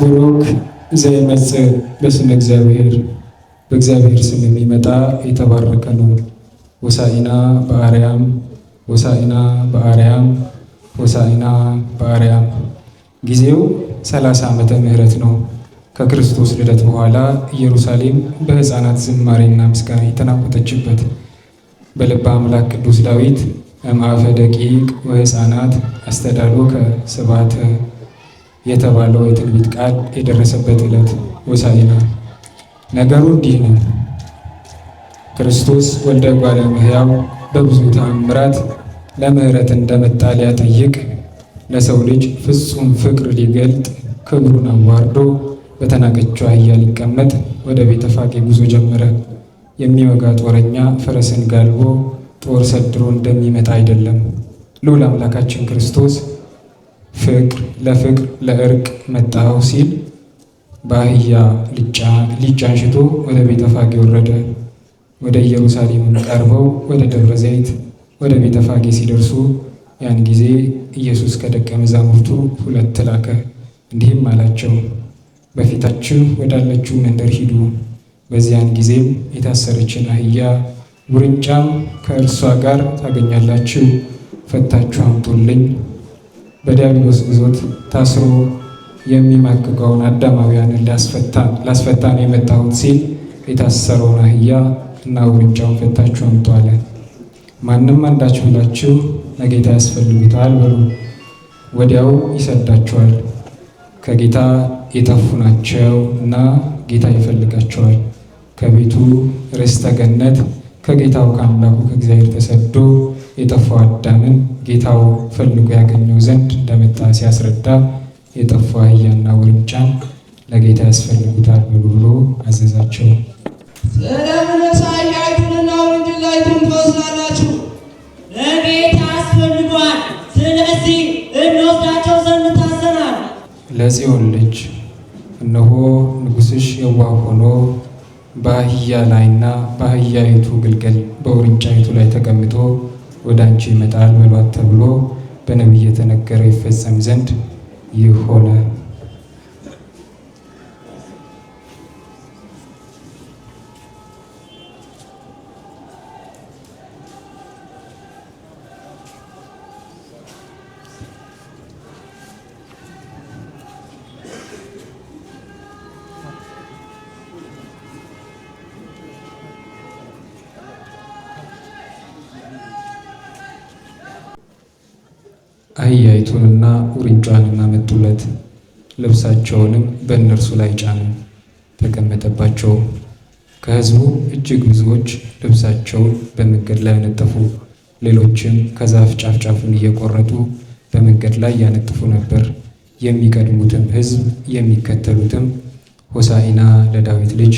ብሩክ ዘይመጽእ በስመ እግዚአብሔር በእግዚአብሔር ስም የሚመጣ የተባረከ ነው። ወሳኢና በአርያም ወሳኢና በአርያም ወሳኢና በአርያም። ጊዜው ሰላሳ ዓመተ ምህረት ነው። ከክርስቶስ ልደት በኋላ ኢየሩሳሌም በሕፃናት ዝማሬና ምስጋና የተናወጠችበት በልበ አምላክ ቅዱስ ዳዊት እምአፈ ደቂቅ ወሕፃናት አስተዳሎከ ስብሐተ የተባለው የትንቢት ቃል የደረሰበት ዕለት ሆሳዕና ነው። ነገሩ እንዲህ ነው። ክርስቶስ ወልደ እጓለ እመሕያው በብዙ ተአምራት ለምሕረት እንደመጣ ሊያጠይቅ ለሰው ልጅ ፍጹም ፍቅር ሊገልጥ ክብሩን አዋርዶ በተናቀችው አህያ ሊቀመጥ ወደ ቤተ ፋጌ ጉዞ ጀመረ። የሚወጋ ጦረኛ ፈረስን ጋልቦ ጦር ሰድሮ እንደሚመጣ አይደለም። ልዑል አምላካችን ክርስቶስ ፍቅር ለፍቅር ለእርቅ መጣው ሲል በአህያ ሊጫን ሽቶ ወደ ቤተ ፋጌ ወረደ። ወደ ኢየሩሳሌምም ቀርበው ወደ ደብረ ዘይት ወደ ቤተ ፋጌ ሲደርሱ ያን ጊዜ ኢየሱስ ከደቀ መዛሙርቱ ሁለት ላከ፣ እንዲህም አላቸው በፊታችሁ ወዳለችው መንደር ሂዱ። በዚያን ጊዜም የታሰረችን አህያ ውርንጫም ከእርሷ ጋር ታገኛላችሁ፣ ፈታችሁ አምጡልኝ በዲያብሎስ ግዞት ታስሮ የሚማቅቀውን አዳማውያንን ላስፈታ የመጣሁት ሲል የታሰረውን አህያ እና ውርንጫውን ፈታችሁ አምጡ ማንም አንዳችሁ ብላችሁ ለጌታ ያስፈልጉታል በሉ፣ ወዲያው ይሰዳቸዋል ከጌታ የጠፉ ናቸው እና ጌታ ይፈልጋቸዋል። ከቤቱ ርስተ ገነት ከጌታው ከአምላኩ ከእግዚአብሔር ተሰዶ የጠፋው አዳምን ጌታው ፈልጎ ያገኘው ዘንድ እንደመጣ ሲያስረዳ የጠፋው አህያና ውርንጫን ለጌታ ያስፈልጉታል ብሎ ብሎ አዘዛቸው። ለጽዮን ልጅ እነሆ ንጉሥሽ የዋህ ሆኖ በአህያ ላይና በአህያይቱ ግልገል በውርንጫይቱ ላይ ተቀምጦ ወደ አንቺ ይመጣል በሏት ተብሎ በነቢይ የተነገረ ይፈጸም ዘንድ ይህ ሆነ። አህያይቱንና ውርንጫዋንና መጡለት። ልብሳቸውንም በእነርሱ ላይ ጫኑ፣ ተቀመጠባቸው። ከሕዝቡ እጅግ ብዙዎች ልብሳቸውን በመንገድ ላይ ያነጠፉ፣ ሌሎችም ከዛፍ ጫፍ ጫፉን እየቆረጡ በመንገድ ላይ ያነጥፉ ነበር። የሚቀድሙትም ሕዝብ የሚከተሉትም ሆሳኢና ለዳዊት ልጅ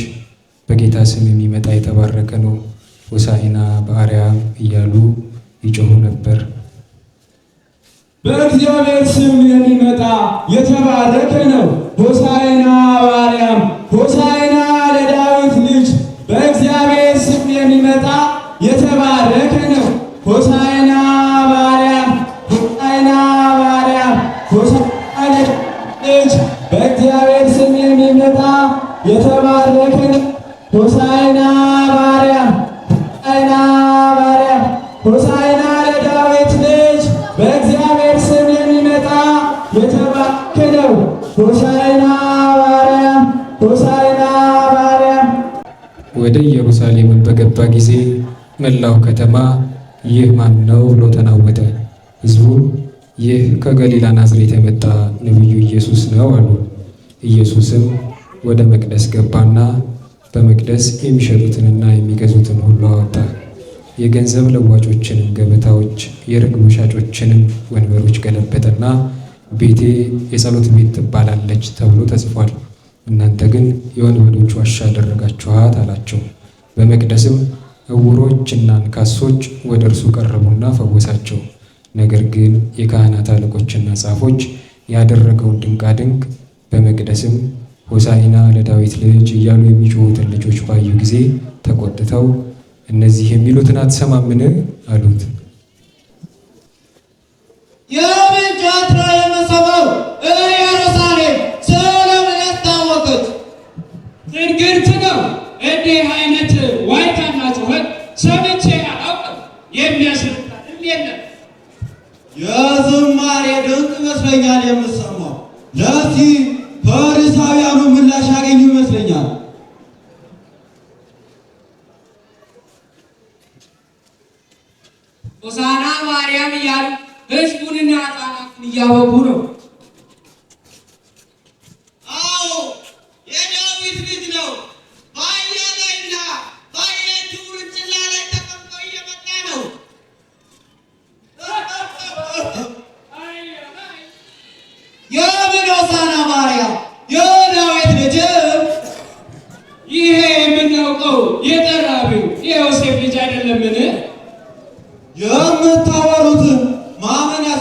በጌታ ስም የሚመጣ የተባረከ ነው፣ ሆሳኢና በአርያም እያሉ ይጮሁ ነበር። በእግዚአብሔር ስም የሚመጣ የተባረከ ነው። ሆሳዕና በአርያም ሆሳዕና ወደ ኢየሩሳሌም በገባ ጊዜ መላው ከተማ ይህ ማን ነው ብሎ ተናወጠ። ሕዝቡም ይህ ከገሊላ ናዝሬት የመጣ ነቢዩ ኢየሱስ ነው አሉ። ኢየሱስም ወደ መቅደስ ገባና በመቅደስ የሚሸጡትንና የሚገዙትን ሁሉ አወጣ። የገንዘብ ለዋጮችንም ገበታዎች፣ የርግብ ሻጮችንም ወንበሮች ገለበጠና ቤቴ የጸሎት ቤት ትባላለች ተብሎ ተጽፏል፣ እናንተ ግን የወንበዶች ዋሻ አደረጋችኋት አላቸው። በመቅደስም እውሮች እና አንካሶች ወደ እርሱ ቀረቡና ፈወሳቸው። ነገር ግን የካህናት አለቆችና ጻፎች ያደረገውን ድንቃድንቅ በመቅደስም ሆሳይና ለዳዊት ልጅ እያሉ የሚጮሁትን ልጆች ባዩ ጊዜ ተቆጥተው እነዚህ የሚሉትን አትሰማምን አሉት። የዝማሬ ድምፅ ይመስለኛል የምሰማው። ለዚህ ፈሪሳውያኑ ምላሽ ያገኙ ይመስለኛል። ሆሳዕና ማርያም እያሉ ህዝቡንና ሕፃናትን እያወጉ ነው።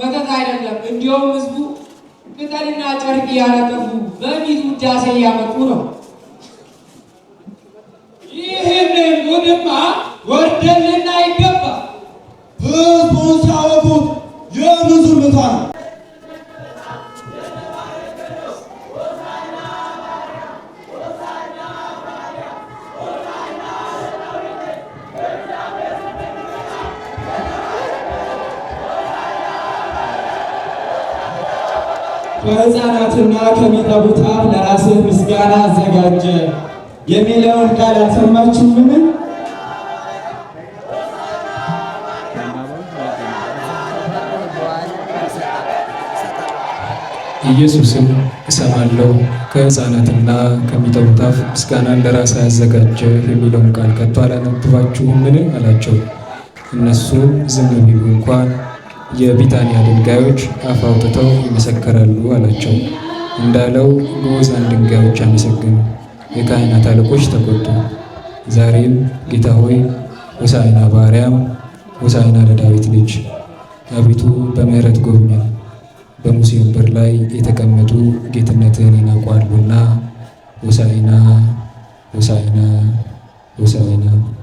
መተት አይደለም። እንዲሁም ህዝቡ ቅጠልና ጨርቅ እያነጠፉ በሚት ውዳሴ እያመጡ ነው። ይህንን ጉድማ ወርደን ከህፃናትና ከሚጠቡታት ለራስህ ምስጋና አዘጋጀ የሚለውን ቃል ምን? ኢየሱስን እሰማለሁ ከህፃናትና ከሚጠቡት አፍ ምስጋናን ለራስህ አዘጋጀ የሚለውን ቃል ከቶ ምን አላቸው። እነሱ ዝም ቢሉ እንኳን የቢታንያ ድንጋዮች አፍ አውጥተው ይመሰክራሉ አላቸው። እንዳለው ግዑዛን ድንጋዮች አመሰገኑ። የካህናት አለቆች ተቆጡ። ዛሬም ጌታ ሆይ ሆሳዕና በአርያም ሆሳዕና ለዳዊት ልጅ አቤቱ በምሕረት ጎብኛ በሙሴ ወንበር ላይ የተቀመጡ ጌትነትህን ይናቋሉና ሆሳዕና ሆሳዕና ሆሳዕና